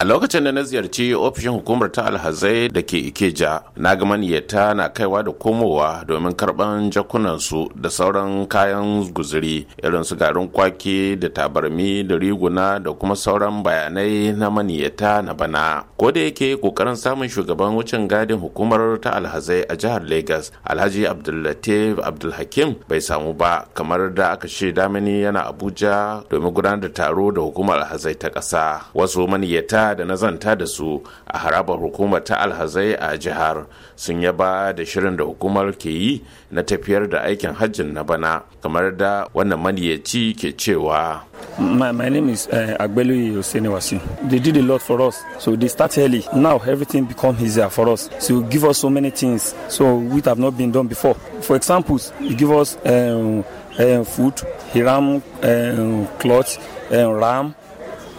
a lokacin da na ziyarci ofishin hukumar ta alhazai da ke ikeja na ga maniyyata na kaiwa da komowa domin karban jakunansu da sauran kayan guzuri irin su garin kwaki da tabarmi da riguna da kuma sauran bayanai na maniyyata na bana ko da yake kokarin samun shugaban wucin gadin hukumar ta alhazai a jihar lagos alhaji abdullatif abdulhakim bai samu ba kamar da aka shaida damini yana abuja domin gudanar da taro da hukumar alhazai ta ƙasa wasu maniyyata jiha da na zanta da su a harabar hukumar ta alhazai a jihar sun yaba da shirin da hukumar ke yi na tafiyar da aikin hajjin na bana kamar da wannan maniyaci ke cewa My, my name is uh, Agbelu Oseniwasi. They did a lot for us. So they start early. Now everything become easier for us. So give us so many things. So which have not been done before. For examples, you give us um, um, food, hiram, um, cloth, um, ram.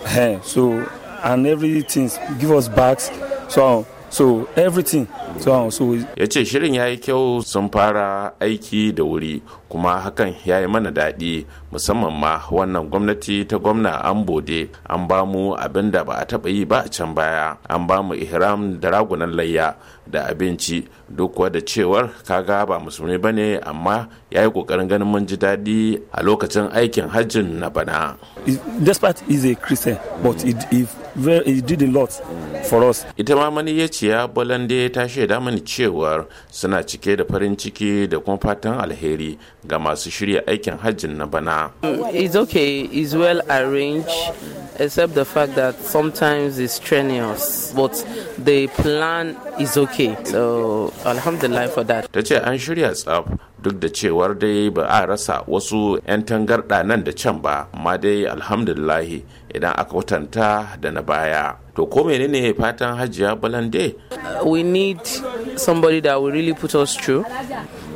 Uh, so and everything give us bags so so everything so so ya ce shirin ya yi kyau sun fara aiki da wuri kuma hakan ya yi mana daɗi musamman ma wannan gwamnati ta gwamna an bode an ba mu abin da ba a taɓa yi ba a can baya an ba mu ihram da ragunan layya da abinci duk da cewar kaga ba musulmi ba ne amma ya yi ƙoƙarin ganin mun ji daɗi a lokacin aikin hajjin na bana despite is a christian but if very he did a lot frost ita ma maniyaciya bolande ta shaida mani cewar suna cike da farin ciki da kuma fatan alheri ga masu shirya aikin hajjin na bana it's okay it's well arranged except the fact that sometimes it's strenuous but the plan is okay so alhamdulillah for that ta ce an shirya tsaf duk da cewar dai ba a rasa wasu 'yan tangarɗa nan da can ba amma dai alhamdulillah idan aka kwatanta da na baya to ko menene fatan hajiya balande we need somebody that will really put us through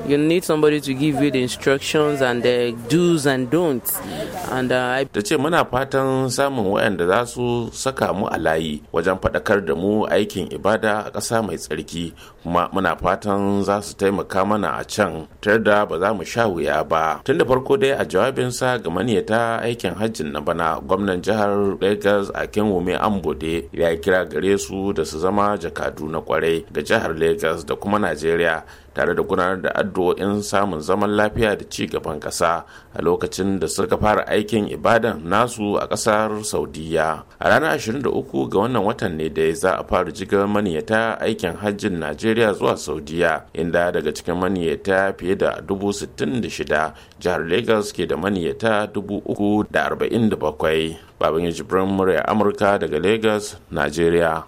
you need somebody to give you the instructions and the do's and don'ts and uh, ta ce muna fatan samun wayanda za su saka mu a layi wajen faɗakar da mu aikin ibada a ƙasa mai tsarki kuma muna fatan za su taimaka mana a can tar da ba za mu sha wuya ba tun da farko dai a jawabinsa ga maniyata aikin hajjin na bana gwamnan jihar lagos a kenwome ambode ya kira gare su da su zama jakadu na kwarai ga jihar lagos da kuma najeriya tare da gudanar da addu'o'in samun zaman lafiya da ci gaban ƙasa a lokacin da suka fara aikin ibadan nasu a ƙasar saudiya a ranar 23 ga wannan watan ne dai za a fara jiga maniyata aikin hajjin najeriya zuwa saudiya inda daga cikin maniyata fiye da 66,000 jihar lagos ke da maniyata 347 baban yaji murya amurka daga lagos najeriya